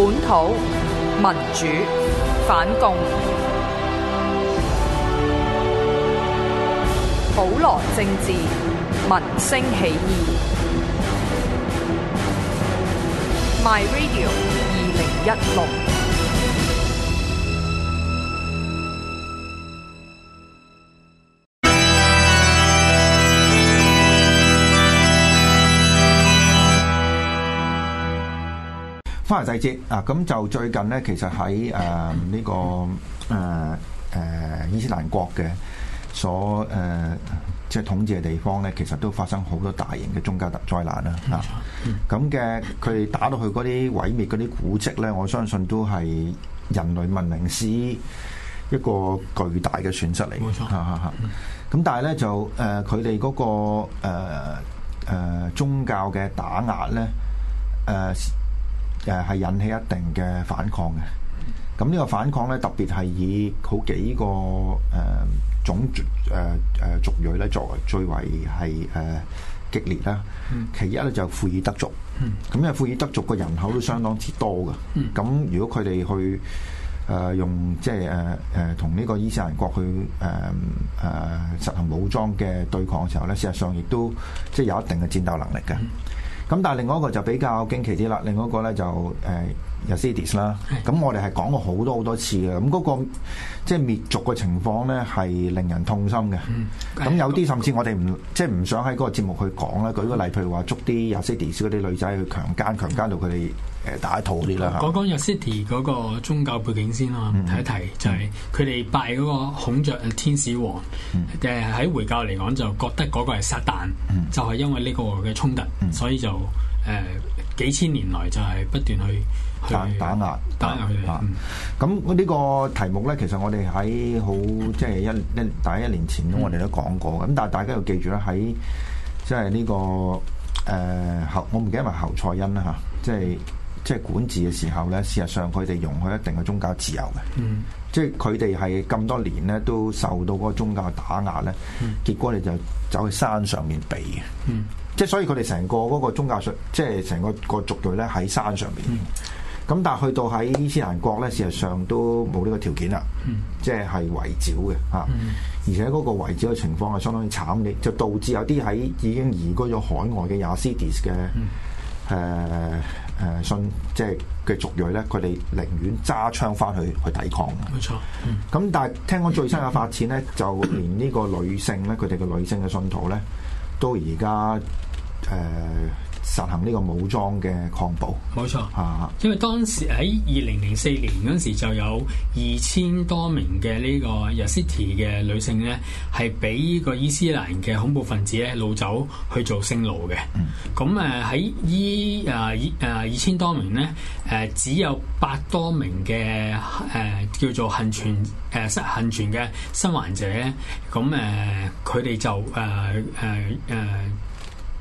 本土民主反共，普羅政治民生起義。My Radio 二零一六。翻嚟細節啊！咁就最近呢，其實喺誒呢個誒誒、呃呃、伊斯蘭國嘅所誒、呃、即係統治嘅地方咧，其實都發生好多大型嘅宗教特災難啦啊！咁嘅佢哋打到去嗰啲毀滅嗰啲古蹟咧，我相信都係人類文明史一個巨大嘅損失嚟嘅。冇錯，冇錯，啊，冇錯。咁但係咧就誒佢哋嗰個誒宗教嘅打壓咧誒，呃誒係引起一定嘅反抗嘅，咁呢個反抗咧特別係以好幾個誒、呃、種族誒誒、呃、族裔咧作為最為係誒、呃、激烈啦、嗯。其一咧就係庫爾德族，咁、嗯、因為庫爾德族嘅人口都相當之多嘅，咁、嗯、如果佢哋去誒、呃、用即係誒誒同呢個伊斯蘭國去誒誒、呃呃、實行武裝嘅對抗嘅時候咧，事實上亦都即係有一定嘅戰鬥能力嘅。嗯咁但係另外一個就比較驚奇啲啦，另外一個咧就雅辛蒂斯啦，咁我哋係講過好多好多次嘅。咁、那、嗰個即係滅族嘅情況咧，係令人痛心嘅。咁有啲甚至我哋唔即係唔想喺嗰個節目去講啦。舉個例，譬如話捉啲雅辛蒂斯嗰啲女仔去強姦，強姦到佢哋誒打胎嗰啲啦。講講雅辛蒂嗰個宗教背景先啦，睇一睇就係佢哋拜嗰個孔雀天使王，誒喺回教嚟講就覺得嗰個係撒旦，就係、是、因為呢個嘅衝突，所以就誒、呃、幾千年來就係不斷去。打、就是、打壓，吓咁呢個題目咧，其實我哋喺好即係一一大一年前咁，我哋都講過嘅。咁、嗯、但係大家要記住啦，喺即係呢個誒後、呃，我唔記得埋侯賽因啦吓，即係即係管治嘅時候咧，事實上佢哋容許一定嘅宗教自由嘅。嗯，即係佢哋係咁多年咧，都受到嗰個宗教嘅打壓咧。嗯，結果你就走去山上面避嘅。嗯，即係所以佢哋成個嗰個宗教上，即係成個個族裔咧喺山上面。嗯咁但係去到喺伊斯蘭國咧，事實上都冇呢個條件啦，嗯，即係係圍剿嘅嚇。而且嗰個圍剿嘅情況係相當之慘烈，就導致有啲喺已經移居咗海外嘅雅斯迪斯嘅誒，嗯呃呃，信，即係嘅族裔咧，佢哋寧願揸槍翻去去抵抗。冇錯咁，嗯，但係聽講最新嘅發展咧，就連呢個女性咧，佢哋嘅女性嘅信徒咧，都而家誒實行呢個武裝嘅抗暴，冇錯。啊，因為當時喺二零零四年嗰陣時，就有二千多名嘅呢個 Yazidi 嘅女性咧，係俾呢個伊斯蘭嘅恐怖分子咧，擄走去做性奴嘅。咁誒喺依誒誒二千多名咧，誒、啊、只有百多名嘅誒、啊、叫做幸存誒幸、啊、幸存嘅生還者咧。咁誒佢哋就誒誒誒。啊啊啊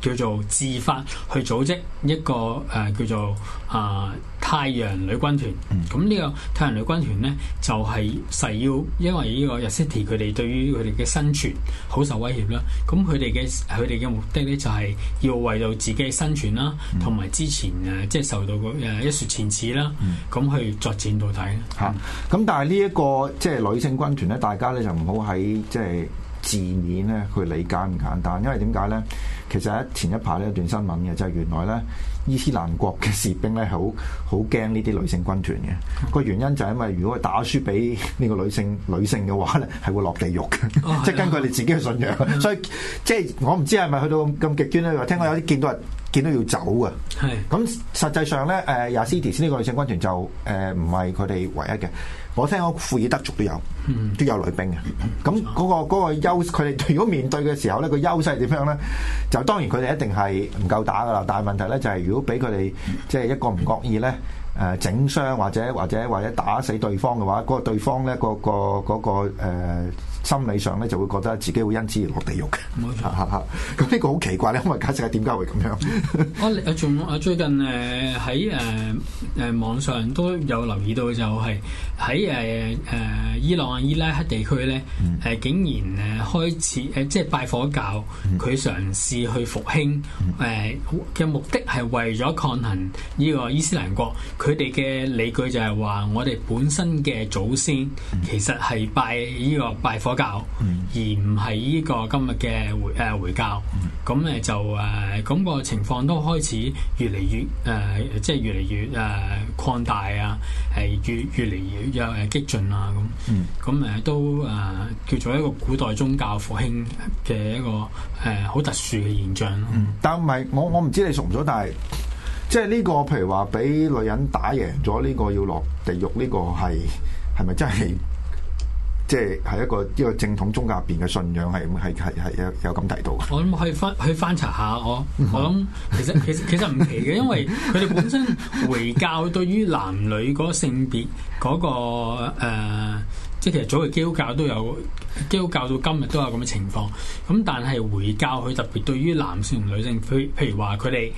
叫做自發去組織一個、呃、叫做啊、呃、太陽女軍團，咁、嗯、呢個太陽女軍團咧就係、是、誓要，因為呢個 Yazidi 佢哋對於佢哋嘅生存好受威脅啦。咁佢哋嘅佢哋嘅目的咧就係、是、要為到自己嘅生存啦，同、嗯、埋之前、呃、即係受到個一雪前恥啦。咁、嗯、去作戰到底嚇。咁、啊、但係呢一個即係、就是、女性軍團咧，大家咧就唔好喺即係字面咧去理解唔簡，簡單，因為點解咧？其實喺前一排呢一段新聞嘅，就係、是、原來咧伊斯蘭國嘅士兵咧好好驚呢啲女性軍團嘅個、嗯、原因就係因為如果打輸俾呢個女性女性嘅話咧，係會落地獄嘅，即、哦、係 根據你自己嘅信仰。哦、所以即係、嗯就是、我唔知係咪去到咁極端咧，話聽講有啲見到。點都要走噶，咁實際上咧，誒雅辛提斯呢個女性軍團就誒唔係佢哋唯一嘅，我聽講庫爾德族都有，嗯、都有女兵嘅。咁、嗯、嗰、嗯嗰個嗰、嗰個佢哋如果面對嘅時候咧，嗰個優勢係點樣咧？就當然佢哋一定係唔夠打噶啦，但係問題咧就係，如果俾佢哋即係一個唔覺意咧，誒、呃、整傷或者或者或者打死對方嘅話，嗰、嗰個對方咧、嗰個、嗰個嗰、嗰個、呃心理上咧就會覺得自己會因此而落地獄嘅，冇錯。咁 呢個好奇怪咧，因為解釋係點解會咁樣？我仲阿最近誒喺誒誒網上都有留意到就在，就係喺誒誒伊朗伊拉克地區咧，誒、嗯、竟然誒開始誒即係拜火教，佢、嗯、嘗試去復興誒嘅、嗯呃、目的係為咗抗衡呢個伊斯蘭國。佢哋嘅理據就係話，我哋本身嘅祖先其實係拜呢個拜教，而唔係呢個今日嘅回誒回教，咁咧就誒咁、咁個情況都開始越嚟越誒、呃，即係越嚟越誒擴、呃、大啊，係、呃、越越嚟越有誒激進啊咁，咁誒都誒、呃、叫做一個古代宗教復興嘅一個誒好、呃、特殊嘅現象，但係我我唔知你熟唔熟，但係即係、呢、呢個譬如話俾女人打贏咗呢個要落地獄呢、呢個係係咪真係？即係係一個一個正統宗教入邊嘅信仰係係係有有咁提到嘅，我諗去翻去翻查下我，我諗其實其實其實唔奇嘅， 因為佢哋本身回教對於男女嗰性別嗰、嗰個、呃即係其實早嘅基督教都有，基督教到今日都有咁嘅情況。咁但係回教佢特別對於男性同女性，譬譬如話佢哋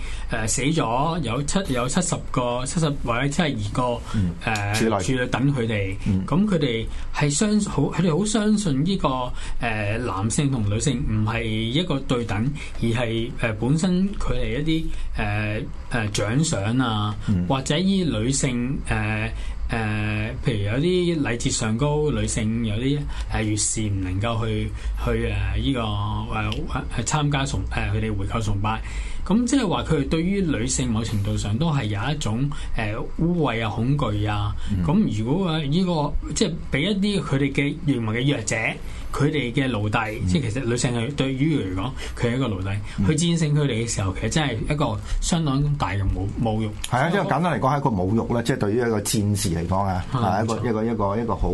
誒死咗有七有七十個七十或者七十二個誒、嗯、處女、呃、等佢哋。咁佢哋係相好，佢哋好相信呢、這個誒、呃、男性同女性唔係一個對等，而係誒、呃、本身佢哋一啲誒誒獎賞啊、嗯，或者呢啲女性誒。呃誒、呃，譬如有啲禮節上高女性有，有啲係月事唔能夠去去誒呢、呃這個誒去、呃、參加從誒佢哋回教崇拜。咁即係話佢哋對於女性某程度上都係有一種誒、呃、污穢啊恐懼啊。咁、啊嗯、如果呢、這個即係俾一啲佢哋嘅原文嘅弱者，佢哋嘅奴隸、嗯，即係其實女性係對於佢嚟講，佢係一個奴隸、嗯。去戰勝佢哋嘅時候，其實真係一個相當大嘅侮侮辱。係啊，即係簡單嚟講係一個侮辱啦，即、就、係、是、對於一個戰士嚟講啊，係、嗯、一個一個一個一個好。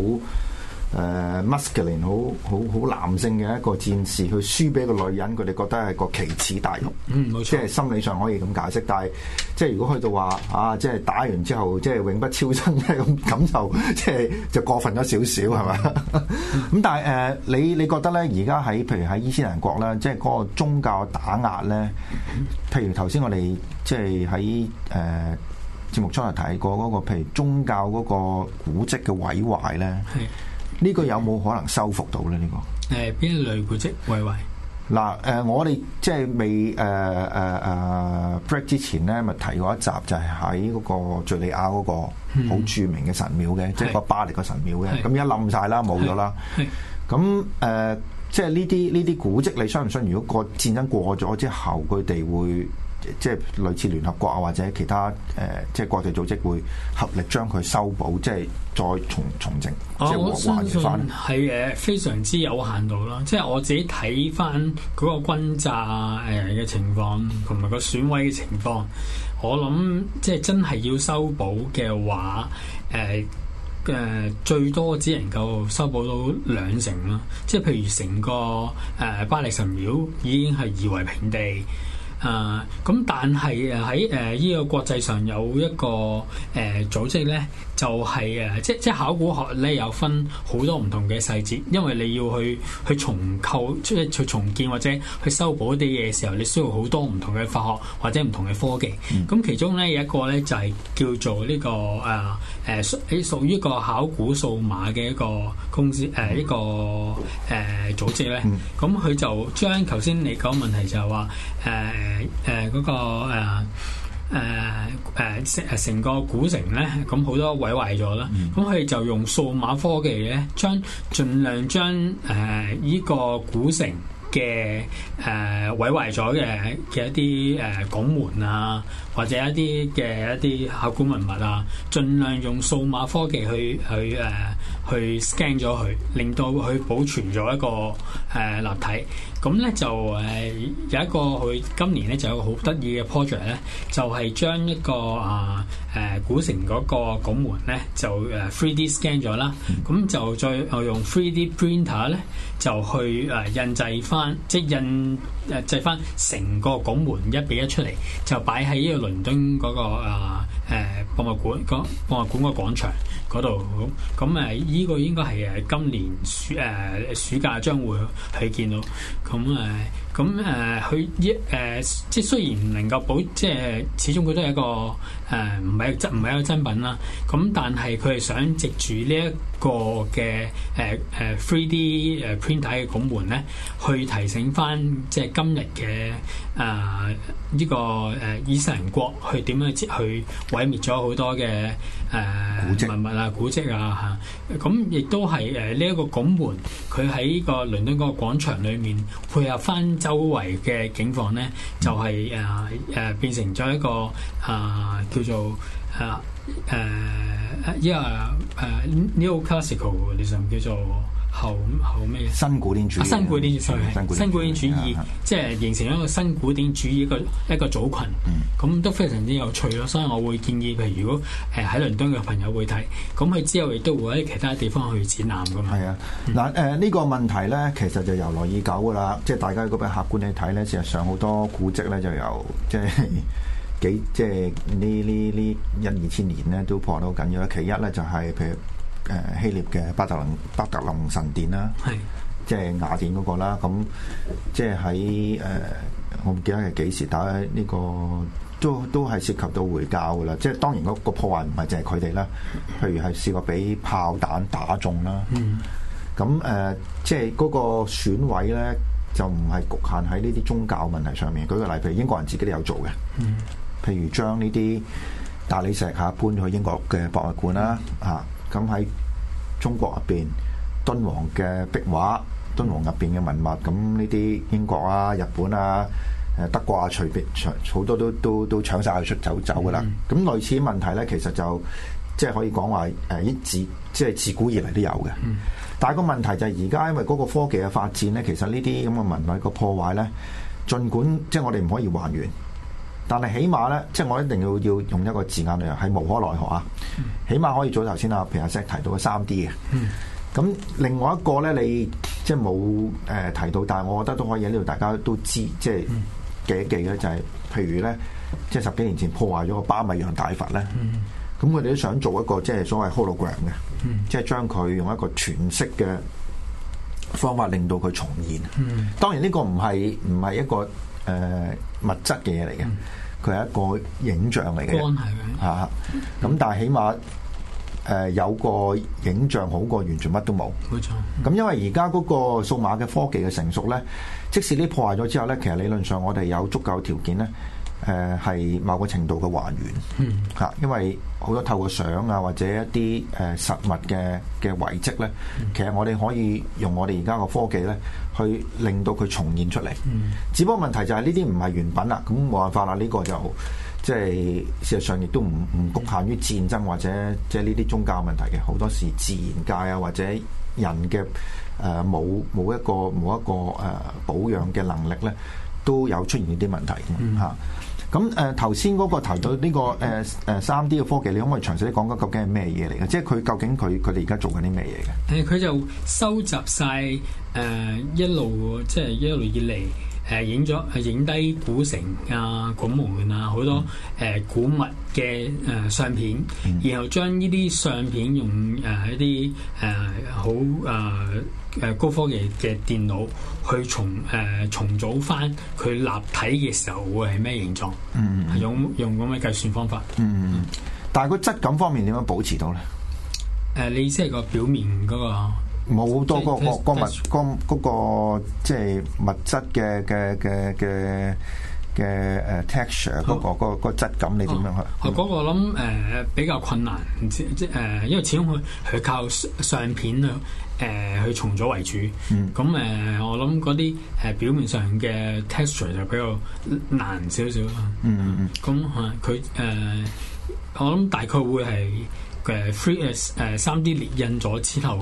誒、uh, masculine 好好好男性嘅一個戰士，去輸俾個女人，佢哋覺得係個奇恥大辱。嗯，即係心理上可以咁解釋，但係即係如果去到話啊，即係打完之後，即係永不超生咧，咁 就即係就過分咗少少係嘛？咁、嗯、 但係誒、呃，你你覺得咧？而家喺譬如喺伊斯蘭國咧，即係嗰個宗教打壓咧，譬如頭先我哋即係喺誒節目初頭睇過嗰、那個，譬如宗教嗰個古蹟嘅毀壞咧。呢、這個有冇可能修復到咧？呢個誒邊類古跡？喂喂，嗱、呃、誒，我哋即係未誒誒誒 break 之前咧，咪提過一集，就係喺嗰個敍利亞嗰個好著名嘅神廟嘅、嗯，即係個巴力個神廟嘅。咁而家冧晒啦，冇咗啦。咁誒、呃，即係呢啲呢啲古跡，你相唔信？如果個戰爭過咗之後，佢哋會？即係類似聯合國啊，或者其他誒、呃，即係國際組織會合力將佢修補，即係再重重整。哦、啊，我相信係誒非常之有限度啦。即係我自己睇翻嗰個轟炸誒嘅情況，同埋個損毀嘅情況，我諗即係真係要修補嘅話，誒、呃、誒、呃、最多只能夠修補到兩成啦。即係譬如成個誒、呃、巴力神廟已經係夷為平地。啊、嗯，咁但係啊，喺誒呢個國際上有一個誒、呃、組織咧，就係、是、啊，即即考古學咧有分好多唔同嘅細節，因為你要去去重構，即係去重建或者去修補啲嘢嘅時候，你需要好多唔同嘅化學或者唔同嘅科技。咁、嗯、其中咧有一個咧就係、是、叫做呢、這個誒誒屬屬於一個考古數碼嘅一個公司誒、呃、一個誒、呃、組織咧。咁、嗯、佢、嗯、就將頭先你講問題就係話誒。呃誒、啊、誒，嗰個誒誒誒，成、啊、成、啊、個古城咧，咁好多毀壞咗啦。咁、嗯、佢哋就用數碼科技咧，將盡量將誒呢個古城嘅誒毀壞咗嘅嘅一啲誒拱門啊，或者一啲嘅一啲考古文物啊，盡量用數碼科技去去誒。啊去 scan 咗佢，令到佢保存咗一個誒立體。咁咧就誒有一個佢今年咧就有個好得意嘅 project 咧，就係將一個啊誒古城嗰個拱門咧就誒 3D scan 咗啦。咁就再用 3D printer 咧就去誒印製翻，即係印誒製翻成個拱門一比一出嚟，就擺喺呢個倫敦嗰個啊。誒博物館個博物館個廣場嗰度，咁誒依個應該係今年暑、呃、暑假將會去見到，咁誒。呃咁誒佢一誒即係雖然唔能夠保，即係始終佢都係一個誒唔係真，唔係一個真品啦。咁但係佢係想藉住呢一個嘅誒誒 3D 誒 print 嘅拱門咧，去提醒翻即係今日嘅誒呢個誒伊斯蘭國去點樣去毀滅咗好多嘅誒文物啊古跡啊吓，咁、嗯嗯、亦都係誒呢一個拱門佢喺個倫敦個廣場裏面配合翻。周圍嘅景況咧，就係、是、誒、uh, uh, uh, 變成咗一個啊，叫做啊誒一啊誒 neo-classical，你叫做？Uh, uh, uh, uh, 後後咩、啊？新古典主義，新古典主新古典主義係、係即係形成一個新古典主義一個一個組群，咁都非常之有趣咯。所以我會建議，譬如如果誒喺倫敦嘅朋友會睇，咁佢之後亦都會喺其他地方去展覽噶嘛。係、嗯、啊，嗱誒呢個問題咧，其實就由來已久噶啦。即係大家如果客觀去睇咧，事實上好多古蹟咧就由即係幾即係呢呢呢一二千年咧都破到緊要。其一咧就係、是、譬如。誒希臘嘅巴特林巴特林神殿啦，係即係雅典嗰個啦，咁即係喺誒我唔記得係幾時打呢、這個，都都係涉及到回教噶啦。即係當然嗰個破壞唔係淨係佢哋啦，譬如係試過俾炮彈打中啦，咁、嗯、誒、呃、即係嗰個損毀咧就唔係局限喺呢啲宗教問題上面。舉個例，譬如英國人自己都有做嘅、嗯，譬如將呢啲大理石嚇、啊、搬去英國嘅博物館啦，嚇、嗯。啊。咁喺中國入邊，敦煌嘅壁畫、敦煌入邊嘅文物，咁呢啲英國啊、日本啊、誒德國啊，隨便好多都都都搶晒佢出走走㗎啦。咁、嗯、類似啲問題咧，其實就即係可以講話誒自即係自古以嚟都有嘅。嗯、但係個問題就係而家因為嗰個科技嘅發展咧，其實呢啲咁嘅文物個破壞咧，儘管即係我哋唔可以還原。但係起碼咧，即係我一定要要用一個字眼嚟形容係無可奈何啊、嗯！起碼可以做頭先啊，皮亞西提到嘅三 D 嘅。咁另外一個咧，你即係冇誒提到，但係我覺得都可以喺呢度大家都知，即係記一記咧、就是，就係譬如咧，即係十幾年前破壞咗個巴米揚大佛咧。咁佢哋都想做一個即係所謂 Hologram 嘅、嗯，即係將佢用一個全息嘅方法令到佢重現。嗯、當然呢個唔係唔係一個誒。呃物質嘅嘢嚟嘅，佢，嗯，係一個影像嚟嘅，吓咁，啊，但係起碼誒有個影像好過完全乜都冇，冇錯。咁，嗯，因為而家嗰個數碼嘅科技嘅成熟咧，即使你破壞咗之後咧，其實理論上我哋有足夠條件咧。誒係某個程度嘅還原嚇，因為好多透過相啊，或者一啲誒實物嘅嘅遺跡咧，其實我哋可以用我哋而家嘅科技咧，去令到佢重現出嚟。只不過問題就係呢啲唔係原品啦，咁冇辦法啦，呢、這個就即係、就是、事實上亦都唔唔侷限於戰爭或者即係呢啲宗教問題嘅，好多時自然界啊或者人嘅誒冇冇一個冇一個誒保養嘅能力咧，都有出現呢啲問題嚇。嗯咁誒頭先嗰個提到呢個誒誒三 D 嘅科技，你可唔可以詳細講講究竟係咩嘢嚟嘅？即係佢究竟佢佢哋而家做緊啲咩嘢嘅？誒，佢就收集晒誒、呃、一路即係一路以嚟誒影咗影低古城啊、拱門啊好多誒、嗯呃、古物嘅誒、呃、相片，然後將呢啲相片用誒、呃、一啲誒好誒。呃誒高科技嘅電腦去重誒、呃、重組翻佢立體嘅時候會係咩形狀？嗯，用用咁嘅計算方法。 嗯，但係個質感方面點樣保持到咧？誒、呃呃，你意思係個表面嗰個冇多嗰、嗰個嗰個物，嗰、嗰個即係、 就是、物質嘅嘅嘅嘅。嘅誒 texture 嗰、那個嗰、那個質感你點樣去？嗰、哦嗯、個我諗誒、呃、比較困難，即即誒，因為始終佢佢靠相片咧誒、呃、去重組為主。咁、嗯、誒、呃、我諗嗰啲誒表面上嘅 texture 就比較難少少咯。嗯嗯嗯。咁、嗯、啊，佢、呃、誒我諗大概會係。嘅 f r e e l 三 D 列印咗之後，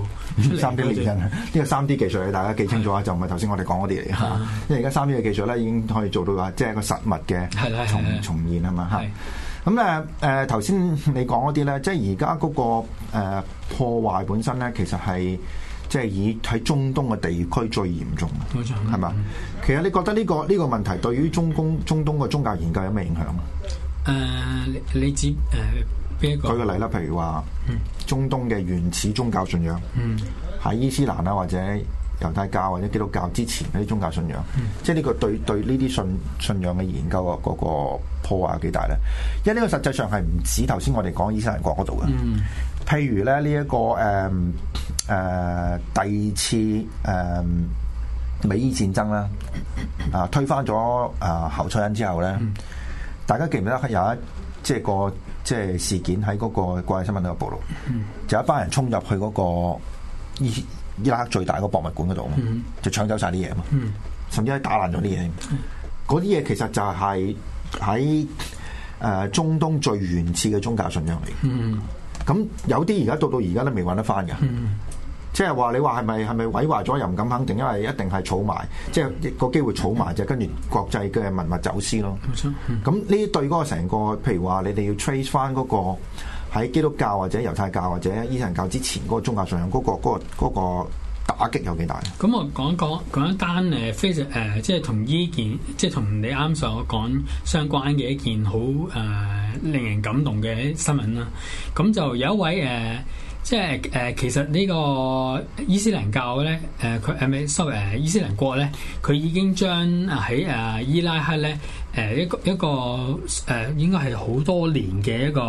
三 D 列印呢、呢個三 D 技術大家記清楚啊，就唔係頭先我哋講嗰啲嚟嚇。因為而家三 D 嘅技術咧，已經可以做到話，即係個實物嘅重重現啊嘛嚇。咁咧誒頭先你講嗰啲咧，即係而家嗰個破壞本身咧，其實係即係以喺中東嘅地區最嚴重冇錯，係嘛、嗯？其實你覺得呢個呢個問題對於中公中東嘅宗教研究有咩影響啊？誒、呃，你你指誒？呃舉個例啦，譬如話，中東嘅原始宗教信仰，喺、嗯、伊斯蘭啊或者猶太教或者基督教之前嗰啲宗教信仰，嗯、即係呢個對對呢啲信信仰嘅研究嗰個破壞有幾大咧？因為呢個實際上係唔止頭先我哋講伊斯蘭國嗰度嘅、嗯，譬如咧呢一個誒誒、嗯呃、第二次誒、嗯、美伊戰爭啦，啊推翻咗啊侯賽因之後咧，大家記唔記得有一即係個？即係事件喺嗰個國際新聞都有暴露，嗯、就一班人衝入去嗰個伊伊拉克最大嗰博物館嗰度，就搶走晒啲嘢嘛，甚至係打爛咗啲嘢。嗰啲嘢其實就係喺誒中東最原始嘅宗教信仰嚟嘅。咁、嗯、有啲而家到到而家都未搵得翻㗎。嗯嗯即係話，你話係咪係咪毀壞咗，又唔敢肯定，因為一定係儲埋，即係個機會儲埋就跟住國際嘅文物走私咯。冇錯。咁呢對嗰個成個，譬如話你哋要 trace 翻嗰個喺基督教或者猶太教或者伊斯蘭教之前嗰個宗教上，嗰個嗰個嗰個打擊有幾大咧？咁我講講講一單，非常，即係同呢件，即係同你啱上我講相關嘅一件好、呃、令人感動嘅新聞啦。咁就有一位、呃即係、呃、其實呢個伊斯蘭教咧，佢、呃、係咪、sorry、伊斯蘭國咧，佢已經將喺伊拉克咧、呃，一個一個誒，應該係好多年嘅一個、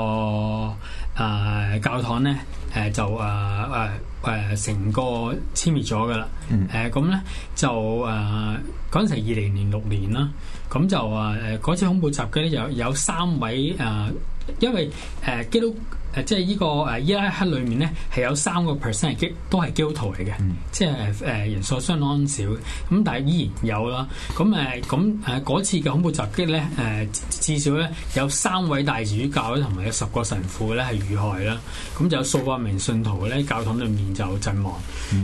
呃、教堂咧、呃，就成、呃呃、個殲滅咗噶啦。誒咁咧就誒嗰、呃、時二零年六年啦，咁就嗰、呃、次恐怖襲擊咧，有有三位、呃、因為、呃、基督。啊、即係、這、呢個誒、啊、伊拉克裏面咧係有三個 percent 係基都係基徒嚟嘅。嗯、即係誒人數相當少，咁但係依然有啦。咁誒咁誒嗰次嘅恐怖襲擊咧，誒、啊、至少咧有三位大主教同埋有十個神父咧係遇害啦。咁、啊、就有數百名信徒咧教堂裏面就陣亡。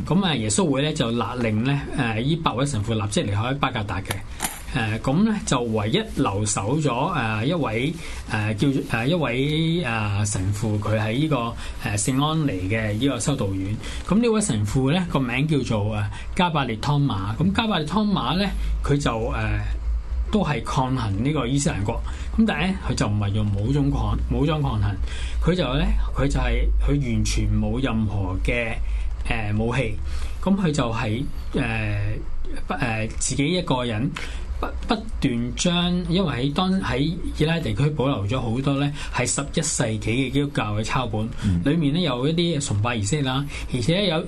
咁、嗯、啊耶穌會咧就勒令咧誒呢八位神父立即離開巴格達嘅。誒咁咧就唯一留守咗誒一位誒叫誒一位誒神父，佢喺依個誒聖安妮嘅依個修道院。咁呢位神父咧個名叫做誒加百列湯馬。咁加百列湯馬咧，佢就誒都係抗衡呢個伊斯蘭國。咁但係咧，佢就唔係用武裝抗武裝抗衡，佢就咧佢就係佢完全冇任何嘅誒武器。咁佢就係誒不誒自己一個人，不不斷將，因為喺當喺伊拉克地區保留咗好多咧，係十一世紀嘅基督教嘅抄本，裏、嗯、面咧有一啲崇拜儀式啦，而且有誒誒、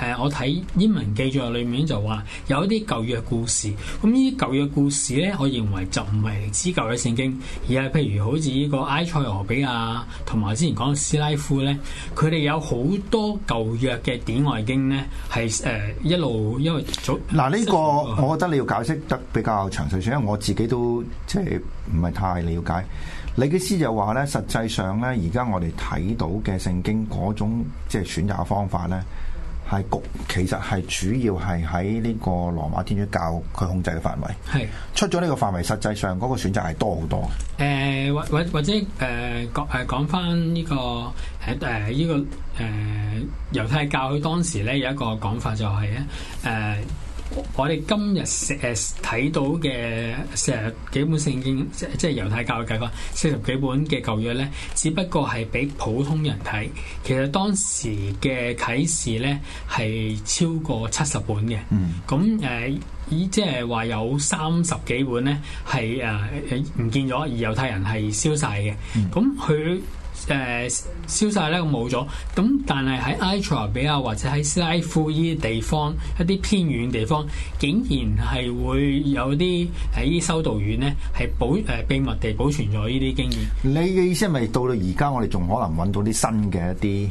呃，我睇英文記載裏面就話有一啲舊約故事，咁呢啲舊約故事咧，我認為就唔係嚟自舊約聖經，而係譬如好似呢個埃塞俄比亞同埋之前講嘅斯拉夫咧，佢哋有好多舊約嘅典外經咧，係誒、呃、一路因為早嗱呢、啊這個，我覺得你要解釋得比較。因為我自己都即係唔係太了解。李基斯就話咧，實際上咧，而家我哋睇到嘅聖經嗰種即係選擇方法咧，係局，其實係主要係喺呢個羅馬天主教佢控制嘅範圍。係出咗呢個範圍，實際上嗰個選擇係多好多嘅、呃。或或或者誒、呃，講誒講翻呢個喺呢、呃這個呃、猶太教，佢當時咧有一個講法就係、是、咧、呃我哋今日食誒睇到嘅四十幾本聖經，即即係猶太教嘅嗰四十幾本嘅舊約咧，只不過係俾普通人睇。其實當時嘅啟示咧係超過七十本嘅。嗯。咁誒，以即係話有三十幾本咧係誒唔見咗，而猶太人係消晒嘅。咁佢。誒燒曬咧，冇咗。咁但係喺埃塞俄比亞，或者喺西拉夫依啲地方，一啲偏遠地方，竟然係會有啲喺修道院咧，係保誒、呃、秘密地保存咗呢啲經驗。你嘅意思係咪到到而家，我哋仲可能搵到啲新嘅一啲？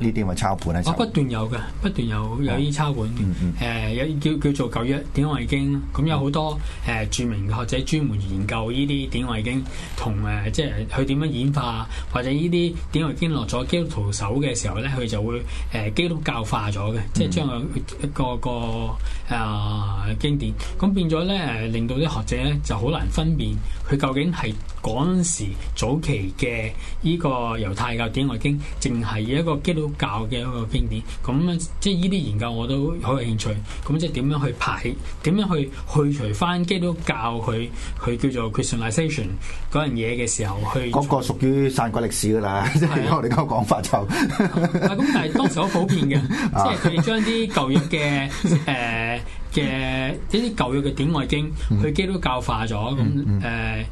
呢啲咪抄本咧、啊？我不斷有嘅，不斷有有啲抄本嘅。誒、嗯，有、嗯呃、叫叫做舊約典外經，咁有好多誒、嗯呃、著名嘅學者專門研究呢啲典外經，同誒、呃、即係佢點樣演化或者呢啲典外經落咗基督徒手嘅時候咧，佢就會誒、呃、基督教化咗嘅，即係將佢一個、嗯、一個誒、呃、經典，咁變咗咧誒，令到啲學者咧就好難分辨佢究竟係嗰陣時早期嘅呢個猶太教典外經，淨係一個基督教嘅一個經典，咁啊，即係呢啲研究我都好有興趣。咁即係點樣去排？點樣去去除返基督教佢佢叫做 Christianization 嗰樣嘢嘅時候去？嗰、那個屬於曬鬼歷史㗎啦！即係我哋嗰個講法就。咁、啊、 但係當時好普遍嘅， 即係佢將啲舊約嘅誒嘅一啲舊約嘅典外經，去基督教化咗咁誒。嗯嗯嗯嗯嗯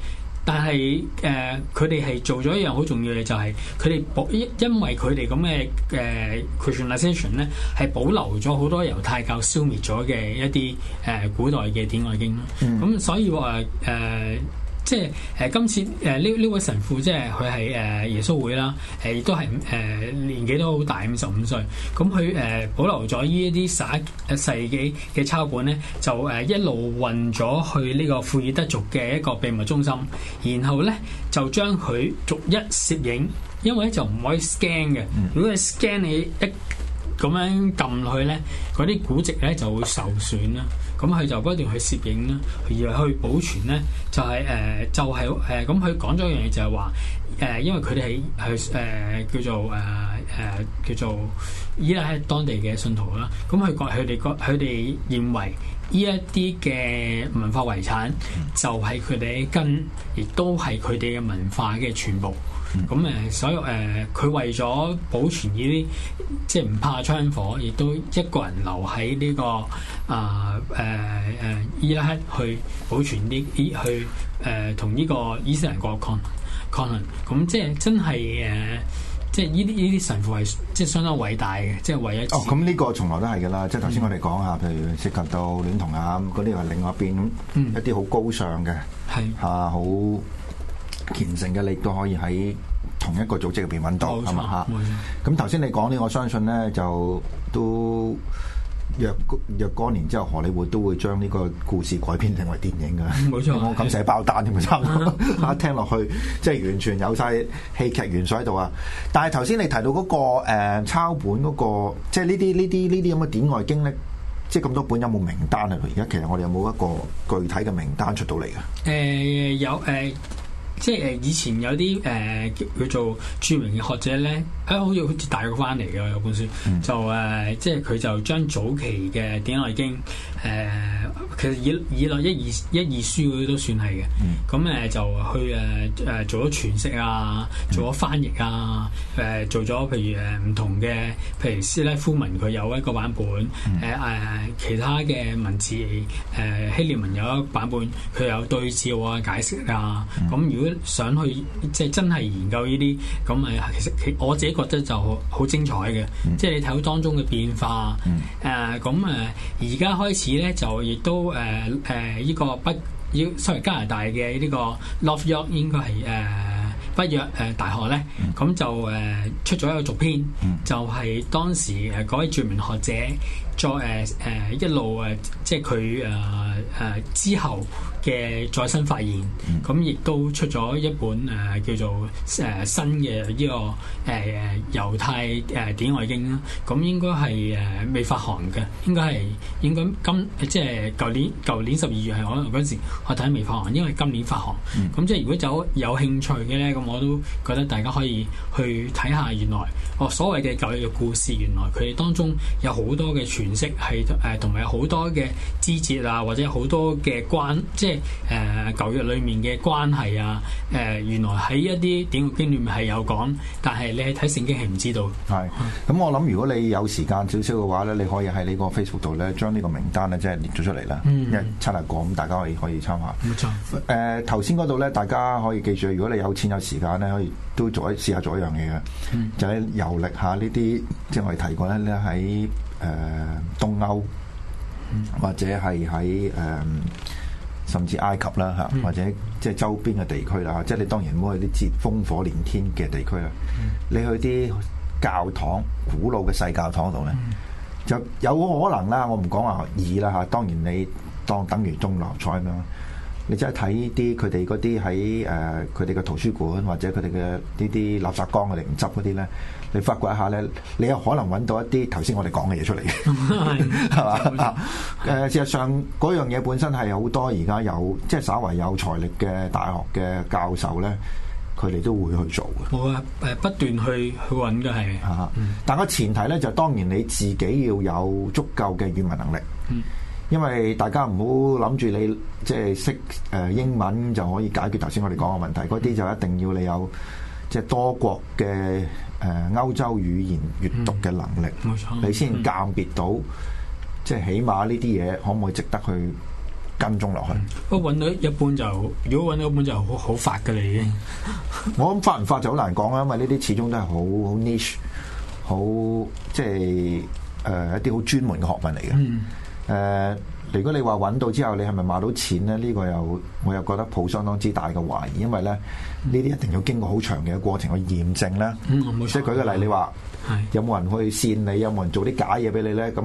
但係誒，佢哋係做咗一樣好重要嘅、就是，就係佢哋保因因為佢哋咁嘅誒 Christianization 咧，係、呃、保留咗好多猶太教消滅咗嘅一啲誒、呃、古代嘅典外經咯。咁、嗯、所以話誒。呃呃即係誒今次誒呢呢位神父即係佢係誒耶穌會啦，誒亦都係誒年紀都好大，五十五歲。咁佢誒保留咗呢一啲十一世紀嘅抄本咧，就誒一路運咗去呢個庫爾德族嘅一個秘密中心，然後咧就將佢逐一攝影，因為就唔可以 scan 嘅。如果你 scan 你一咁樣撳落去咧，嗰啲古籍咧就會受損啦。咁佢就不一定去攝影啦，而去保存咧，就係、是呃、就係咁佢講咗一樣嘢就係話、呃，因為佢哋喺係叫做叫做，呃叫做伊拉克當地嘅信徒啦，咁佢覺佢哋覺佢哋認為呢一啲嘅文化遺產就係佢哋嘅根，亦都係佢哋嘅文化嘅全部。咁誒，所有，誒、呃，佢為咗保存呢啲，即係唔怕槍火，亦都一個人留喺呢、這個啊誒誒伊拉克去保存啲啲去誒同呢個伊斯蘭國抗抗衡，咁即係真係誒。呃即係呢啲呢啲神父係即係相當偉大嘅，即係唯一哦。咁呢個從來都係嘅啦。即係頭先我哋講下，嗯、譬如涉及到戀童啊嗰啲係另外一邊，一啲好高尚嘅係嚇好虔誠嘅力都可以喺同一個組織入邊揾到嚇。咁頭先你講呢，我相信呢就都。若若干年之後，荷里活都會將呢個故事改編成為電影嘅，冇錯，我 咁寫包單添啊！咪差唔多 聽落去即係完全有晒戲劇元素喺度啊！但係頭先你提到嗰、那個、呃、抄本嗰、那個，即係呢啲呢啲呢啲咁嘅典外經歷，即係咁多本有冇名單啊？而家其實我哋有冇一個具體嘅名單出到嚟嘅？誒、欸、有誒。欸即係誒以前有啲誒叫做著名嘅學者咧，啊、哎、好似好似大陸翻嚟嘅有本書，嗯、就誒、呃、即係佢就將早期嘅《典愛經》。誒、呃，其實以以來一二一二書啲都算係嘅，咁、嗯、誒就去誒誒、呃、做咗詮釋啊，做咗翻譯啊，誒、嗯呃、做咗譬如誒唔同嘅譬如《斯拉夫文》佢有一個版本，誒、嗯、誒、呃、其他嘅文字誒、呃、希臘文有一個版本，佢有對照啊、解釋啊。咁如果想去即係、就是、真係研究呢啲，咁誒其實我自己覺得就好好精彩嘅、嗯，即係你睇到當中嘅變化。誒咁誒而家開始。咧就亦都誒誒，依、呃呃這個北依，sorry 加拿大嘅呢個洛約應該係誒、呃、北約誒、呃、大學咧，咁、mm. 就誒、呃、出咗一個續篇，mm. 就係當時誒嗰、呃、位著名學者。再誒誒一路誒即係佢誒誒之後嘅再新發現，咁亦都出咗一本誒、啊、叫做誒、啊、新嘅呢、這個誒誒猶太誒、啊、典外經啦。咁、啊、應該係誒未發行嘅，應該係應該今即係舊年舊年十二月係可能嗰陣時我睇未發行，因為今年發行。咁、嗯、即係如果有有興趣嘅咧，咁我都覺得大家可以去睇下原來哦所謂嘅舊約嘅故事，原來佢哋當中有好多嘅傳。形式係誒，同埋好多嘅枝節啊，或者好多嘅關，即係誒舊約裏面嘅關係啊。誒、呃，原來喺一啲典故經裏面係有講，但係你係睇聖經係唔知道。係咁，我諗如果你有時間少少嘅話咧，你可以喺呢個 Facebook 度咧，將呢個名單咧即係列咗出嚟啦，一七啊個咁，大家可以可以參考。冇錯、呃。誒，頭先嗰度咧，大家可以記住，如果你有錢有時間咧，可以都做一試下做一樣嘢嘅，嗯、就係遊歷下呢啲，即係我哋提過咧，喺。誒、呃，東歐或者係喺誒，甚至埃及啦吓，或者即係周邊嘅地區啦吓、嗯，即係你當然唔好去啲接烽火連天嘅地區啦、嗯。你去啲教堂，古老嘅細教堂度咧、嗯，就有可能啦。我唔講話二啦吓，當然你當等於中六合彩咁樣。你真係睇啲佢哋嗰啲喺誒佢哋嘅圖書館或者佢哋嘅呢啲垃圾缸，佢哋唔執嗰啲咧，你發掘一下咧，你又可能揾到一啲頭先我哋講嘅嘢出嚟嘅 是吧，係 嘛？誒、啊，事實上嗰樣嘢本身係好多而家有即係、就是、稍為有財力嘅大學嘅教授咧，佢哋都會去做嘅。冇啊，不斷去去揾嘅係，但個前提咧就是、當然你自己要有足夠嘅語文能力。嗯。因為大家唔好諗住你即係識誒英文就可以解決頭先我哋講嘅問題，嗰啲就一定要你有即係多國嘅誒歐洲語言閱讀嘅能力，嗯、你先鑑別到即係起碼呢啲嘢可唔可以值得去跟蹤落去。我揾到一本就，如果揾到一本就好好發㗎喇已經。我諗發唔發就好難講啦，因為呢啲始終都係好好 niche，好即係誒一啲好專門嘅學問嚟嘅。嗯誒、呃，如果你話揾到之後，你係咪賣到錢呢？呢、呢個又我又覺得抱相當之大嘅懷疑，因為咧呢啲、嗯、一定要經過好長嘅過程去驗證咧。即、嗯、係舉個例、嗯，你話。有冇人去扇你？有冇人做啲假嘢俾你咧？咁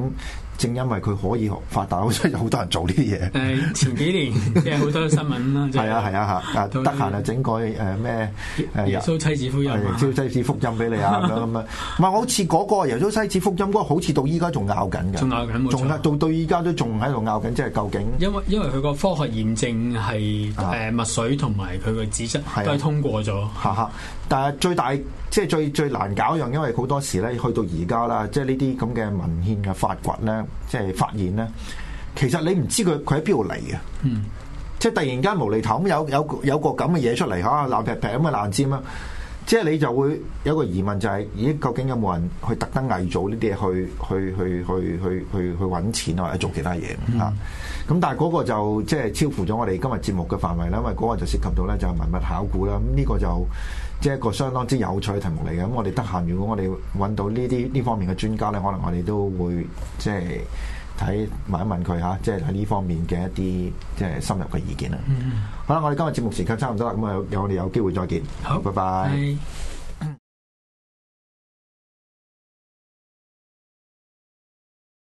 正因為佢可以發達，所以有好多人做呢啲嘢。誒，前幾年嘅好 多新聞啦。係、就是、啊係啊吓，誒、啊，得閒、啊、就整個誒咩誒耶穌妻子福音、啊，耶、啊、妻子福音俾你啊咁 樣。唔係，我好似嗰、那個耶穌妻子福音嗰個，好似到依家仲拗緊嘅。仲拗緊，冇錯。仲到到依家都仲喺度拗緊，即係究竟？因為因為佢個科學驗證係誒，墨、呃啊、水同埋佢個紙質都係通過咗。吓吓、啊，但係最大。即係最最難搞一樣，因為好多時咧，去到而家啦，即係呢啲咁嘅文獻嘅發掘咧，即係發現咧，其實你唔知佢佢喺邊度嚟嘅，嗯，即係突然間無厘頭咁有有有個咁嘅嘢出嚟嚇，爛劈劈咁嘅爛尖啦。即係你就會有個疑問就係、是，咦？究竟有冇人去特登偽造呢啲嘢去去去去去去去揾錢啊，或者做其他嘢、嗯、啊？咁但係嗰個就即係、就是、超乎咗我哋今日節目嘅範圍啦，因為嗰個就涉及到咧就係、是、文物考古啦。咁、嗯、呢、這個就即係、就是、一個相當之有趣嘅題目嚟嘅。咁、嗯、我哋得閒，如果我哋揾到呢啲呢方面嘅專家咧，可能我哋都會即係睇問一問佢嚇，即係喺呢方面嘅一啲即係深入嘅意見啦。嗯好啦，我哋今日節目時間差唔多啦，咁啊有我哋有機會再見。好，拜拜。Hey.